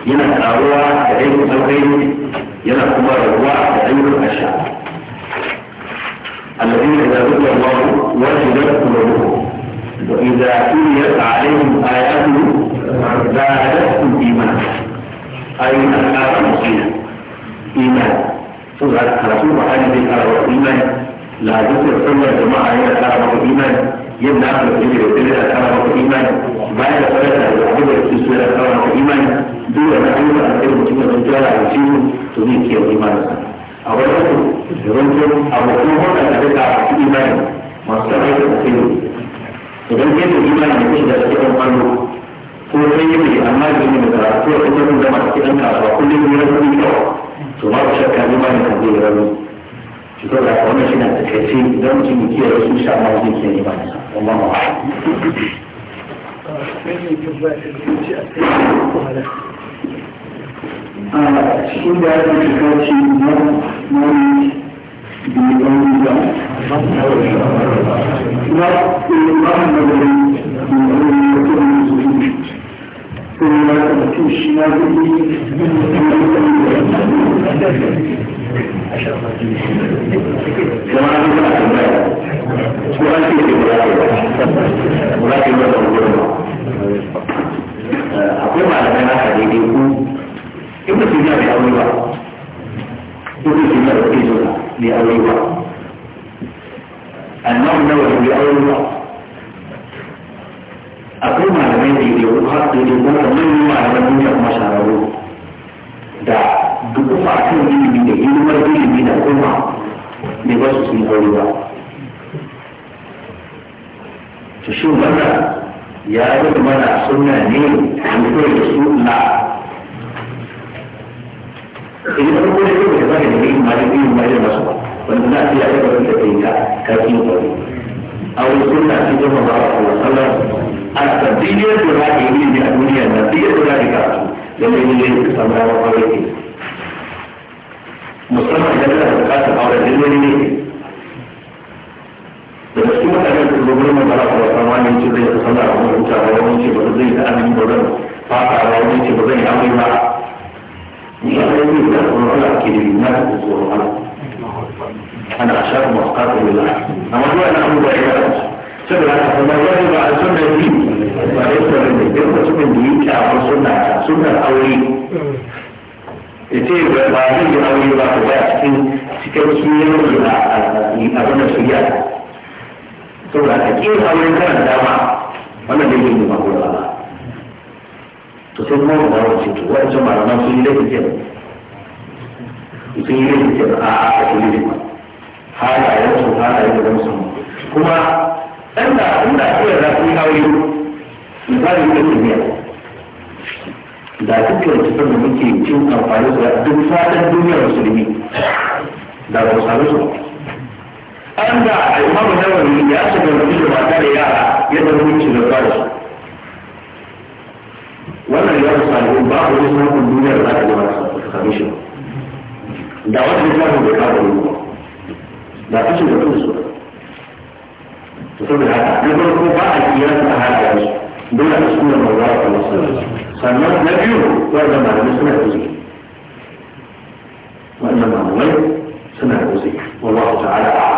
Speaker 1: yana ƙaruwa da aikin alkhairi yana kuma rabuwa da ayyukan asha الذين إذا ذكر الله وجدت قلوبهم وإذا تليت عليهم آياته زادتهم إيمانا أي الآية المسلمة إيمان تظهر رسول محمد بن أربعة إيمانا لا ذكر صلى الجماعة إلى أربعة إيمانا يبنى أهل الفجر وتلك أربعة إيمانا بعد صلاة العبد السورة أربعة إيمانا دون أن يكون أهل الفجر وتلك الرجال عن شيء تذيك يوم إيمانا a wajen su yawancin abokan hulɗa da duka a cikin imani masu taɓa da kuma idan kai da imani da kai da suke ɗan ƙwallo ko sai yi mai amma da yi mai karatu a kuma sun zama cikin ɗan kasuwa kullum yi rasu ne kawai to ba ku shakka imani kan zai rasu
Speaker 2: shi ko da wannan shi na takaice idan mutum ya kiyaye su sha ma zai kiyaye imani wallahu a'lam
Speaker 1: a cikin da aka shiga ce na wani da ya ɗan da na ɗan da wani da da wani zuwa ko ya ka shi na zuwa akwai malamai haka daidai ko ابن سينا بأوليها ابن سينا بأوليها بأوليها النوع النووي بأوليها akwai malamai da ke haɗe da kuma manyan malaman duniya kuma shahararru da duk kuma a kan ilimi da hidimar ilimi da kuma ne ba su sun aure ba to shi wannan ya zama mana suna ne a mutuwar da su na idan eh, farko da yau da zaka nemi imani da imani da masu wanda na ce ya ga wanda yi ka kafi a wani sunna ce ta ba a Allah sallallahu a tabbiyar da za ka yi ne a duniya na biyar da za ka karatu da mai ne ka rawa kwarai musamman idan kana bukatar da wani ne daga cikin mutanen da gobe mai bara kuma san wani ce zai ka sanar a mutane wani ce ba zai ta amin ba zan fata wani ce ba zai amin ba
Speaker 2: يقول لك الله كده الناس بصورة
Speaker 1: أنا أشار موقعات لله أما هو أنا أقول بعيادة سبب أنا فما يجب على سنة دي وليس من الدين سنة دي كأو سنة سنة أولي يتيب بعدين أولي بعد ذلك سكر سنة ولا أبنى سيادة سبب أنا كيف أولي كان دعوة وأنا دليل ما أقول الله to sai kuma mu dawo ce to wa'ancan malaman sun yi laifin ke sun yi laifin ke a a a cikin laifin halayen su halayen da sun kuma ɗan da ɗan da kawai za su yi misali ko da duk da cutar da muke cin amfani su duk fatan duniyar musulmi da ba su sami su an da imamu nawari ya shiga da mata da yara yadda muke da su wannan ya rusa ne ba ku da samun duniya da za ka zama sami shi da wannan littafin bai kawo ne ba da kace da kansu to saboda haka na farko ba a kiyasa a haka su dole a suna mawa a wasu sannan na biyu da malamai suna da uzuri da malamai suna da wani wallahu ta'ala a'a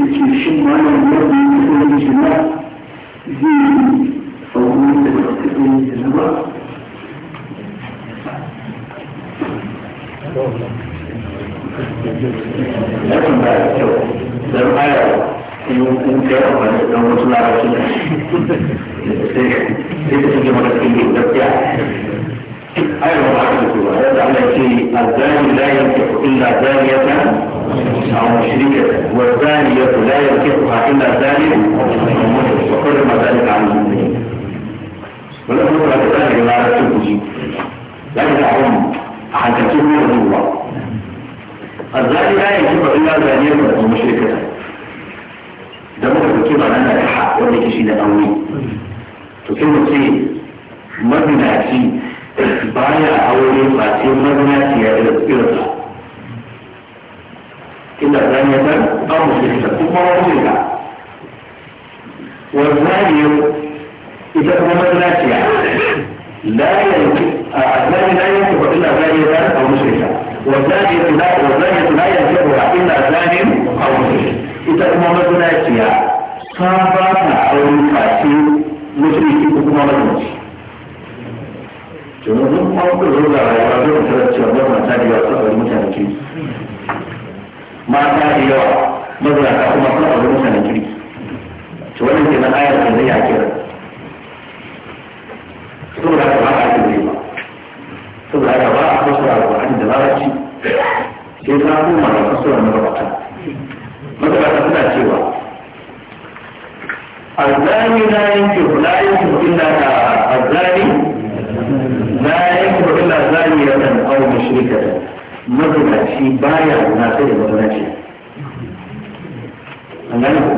Speaker 2: الشيطان الذي يقول الجماع دين فهو يتكلم الجماع
Speaker 1: لكن بعد الجواب لو أعلم يمكن كلام عن لو رسول الله صلى الله عليه وسلم أيوة معرفة هذا على شيء الزاني لا ينكح إلا زانية أو شريكة والثانية لا يركبها إلا ثاني وحرم ذلك عن المسلمين ولا أقول لك ذلك لا تبجي
Speaker 2: لا تعم عن تكتب من الله
Speaker 1: الزاني لا يجب إلا ثانية ومشركة
Speaker 2: ده ممكن تكتب عن أنك حق ولا شيء ده قوي
Speaker 1: تكلم فيه مبنى فيه بايع أولي فاتي مبنى فيه إلى إلا ثانية أو مشركة ثم رجلها والزاني إذا كان ناسيا لا يمكن الزاني لا ينكح إلا زانية أو مشركة والزانية لا والزانية لا ينكحها إلا زاني أو مشرك إذا كان ناسيا صابت أو نكاسي مشركي كما مجنون domin duk kwanfin rura rayuwa zai mutu da cewa gwamnati ta biya tsakar mutane ke mata da yawa mazurata kuma sun abu mutanen kirki to wannan ke nan ayar da zai ya kira saboda haka ba a ake zai ba saboda haka ba a fasara da wa'adin da larabci sai ta koma da fasara na rabata mazurata suna cewa
Speaker 2: الزاني لا ينكح لا ينكح إلا الزاني لا ينكح إلا زانية أو مشركة
Speaker 1: mazinaci baya na sai da mazinaci an gane ko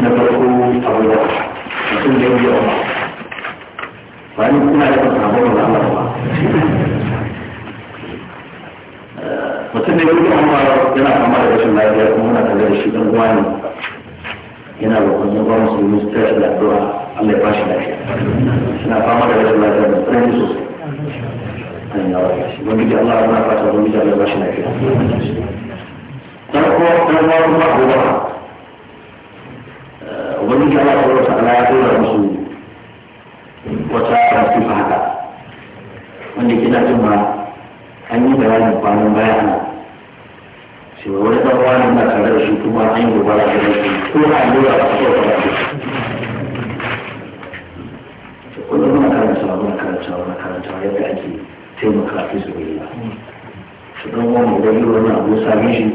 Speaker 1: na farko a wajen mutum da yau ba ba ni kuna da kan sabon da Allah ba eh, mutum da yau amma yana fama da rashin lafiya kuma muna tare da shi dan uwa ne
Speaker 2: yana roƙon yan uwa musulmi su tashi da addu'a
Speaker 1: Allah ya ba lafiya yana fama da rashin lafiya da tsanani sosai Allah ya ba fata ubangiji Allah ya ba shi lafiya dan uwa dan uwa kuma ubangiji Allah ta ala ya ya da musu wata rasifa haka wanda kina jin ma an yi bayanin kwanan baya ana cewa wani ɗan wani na tare da shi kuma an yi gobara da shi ko a lura ba ko ba wanda muna karantawa muna karantawa muna karantawa yadda ake taimaka fi su billah su ɗan wani yi wani abu sami shi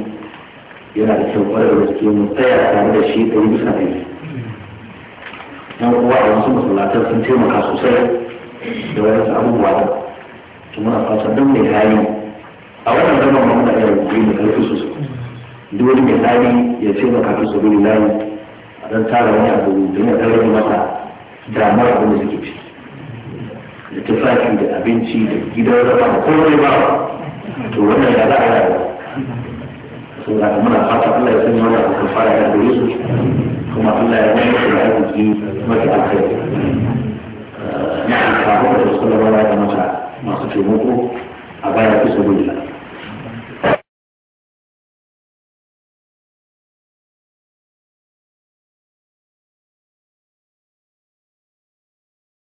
Speaker 1: yana da kyau kwarar da suke mu tsaya tare da shi ɗari bisa ɗari yan uwa a wasu masallatar sun taimaka sosai da wani abubuwa to muna fasa don mai hali a wannan zama ma muna iya rubutu da karfi sosai duk wani mai hali ya taimaka fi sabi layi a dan tara wani abu don ya karfi masa damar abin da suke ci da tufafi da abinci da gidan zama da komai ba to wannan ya za a yi saboda muna fata Allah ya sanya wani abu kan fara ya gare su kuma Allah ya wani shi da aiki mafi alkai eh, na alfahu da wasu labarai da da masu taimako a baya kusa da